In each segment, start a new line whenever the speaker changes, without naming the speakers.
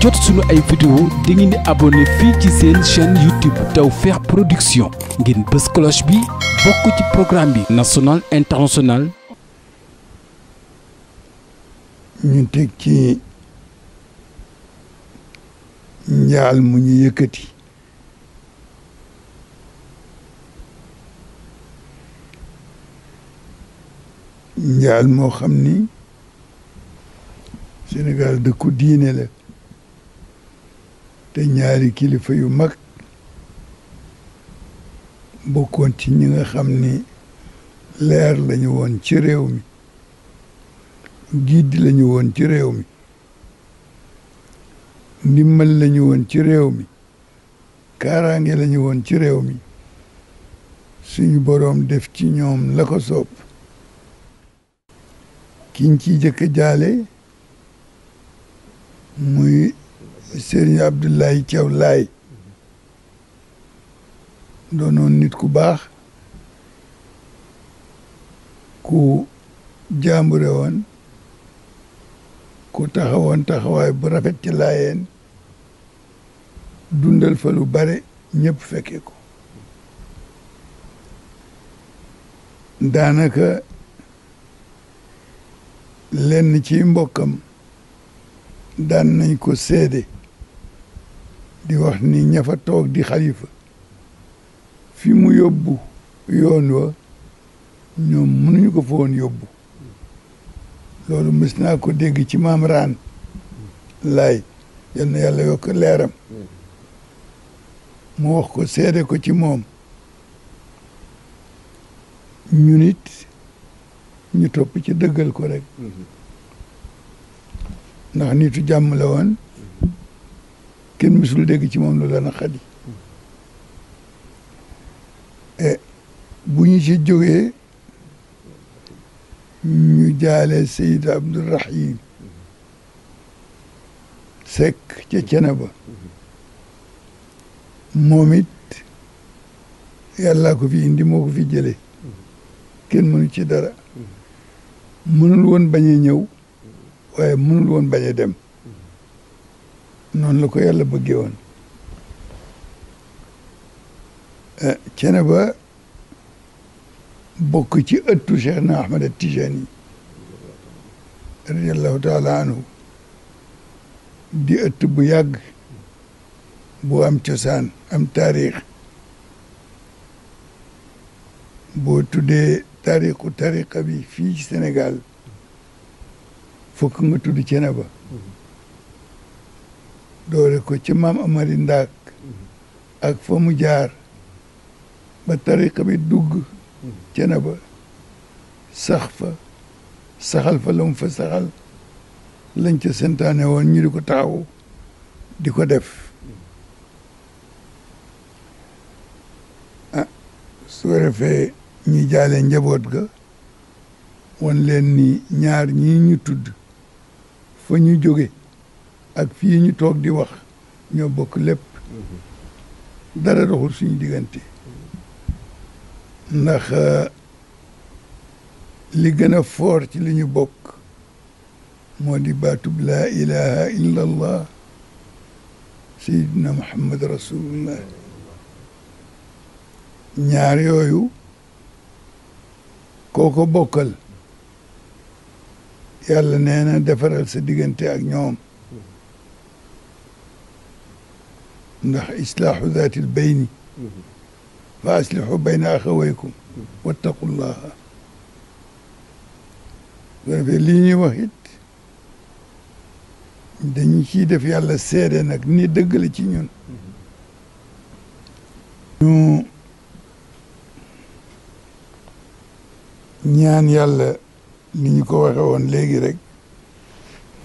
jot suñu ay vidéo da ngeen di abonné fii ci seen chaîne YouTube Tawfekh Production ngeen bës cloche bi bokk ci programme bi national international ñu teg ci njaal mu ñu njaal moo xam ni Sénégal dëkku diine la te ñaari kilifa yu mag bokkoon ci ñi nga xam ni leer lañu woon ci réew mi giidi lañu woon ci réew mi ndimmal lañu woon ci réew mi kaaraange lañu woon ci réew mi suñu boroom def ci ñoom la ko soob kiñ ci jëkk jaale muy Serigne Abdoulaye Thiaw Laay doonoon nit ku baax ku jàmbure woon ku taxawoon taxawaay bu rafet ci laayeen dundal fa lu bare ñépp fekke ko daanaka lenn ci mbokkam daan nañ ko seede di wax ni ña fa toog di xalifa fi mu yóbbu yoon wa ñoom mënuñu ko fa woon yóbbu loolu mës naa ko dégg ci maam raan laay yal na yàlla yokk leeram mu wax ko seede ko ci moom ñu nit ñu topp ci dëggal ko rek mm-hmm. ndax nitu jàmm la woon kenn mësul dégg ci moom lu la naqari e, bu ñu ci jógee ñu jaale Seyid Abdourahim Seck ca Ceneba moom it yàllaa ko fi indi moo ko fi jëlee kenn mënu ci dara mënul woon bañ a ñëw waaye mënul woon bañ a dem noonu la ko yàlla bëggee woon eh, cene ba bokk ci ëttu Cheikh na Ahmad Tijani radiallahu taala anhu di ëtt bu yàgg bu am cosaan am taarix boo tuddee taarixu tariqa bi fii ci Sénégal fokk nga tudd cene ba doore ko ci maam Amari Ndaak ak fa mu jaar ba tariqa bi dugg cene ba sax fa saxal fa la mu fa saxal lañ ca sentaane woon ñu di ko taxaw di ko def ah su ko defee jaale njaboot ga wan leen ni ñaar ñii ñu tudd fa ñu jóge ak fii ñu toog di wax ñoo bokk lépp mm-hmm. dara doxul suñu diggante ndax euh, li gën a foor ci li ñu bokk moo di baatub laa ilaha illa allah sayidina muhammad rasulullah ñaar yooyu kooko ko bokkal yàlla nee na defaral sa diggante ak ñoom ndax islaahu daatil bayni fa aslihu bayna axawaykum wattaqullaha bu li ñuy wax dañu ciy def yàlla seede nag ni dëgg la ci ñun ñaan yàlla ni ñu ko waxe woon léegi rek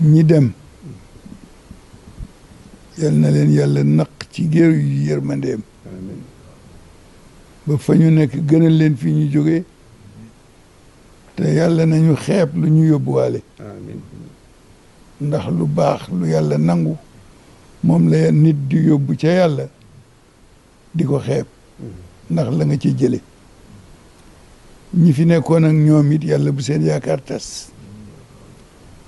ñi dem yal na leen yàlla naq ci géeru yu yërmandeem ba fa ñu nekk gënal leen fii ñu jóge te yàlla nañu xeeb lu ñu yóbbuwaale ndax lu baax lu yàlla nangu moom la nit di yóbbu ca yàlla di ko xeeb mm-hmm. ndax la nga ci jële ñi fi nekkoon ak ñoom it yàlla bu seen yaakaar tas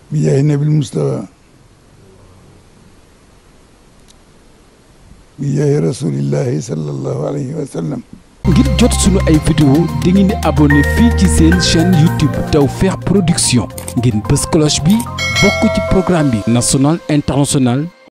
bi jaay nabil Mustafa bi jaahi rasulillahi sallallahu alayhi wa ngir jot suñu ay vidéo di ngeen di abonné fii ci seen chaîne YouTube Tawfekh Production ngeen bës cloche bi bokk ci programme bi nationale international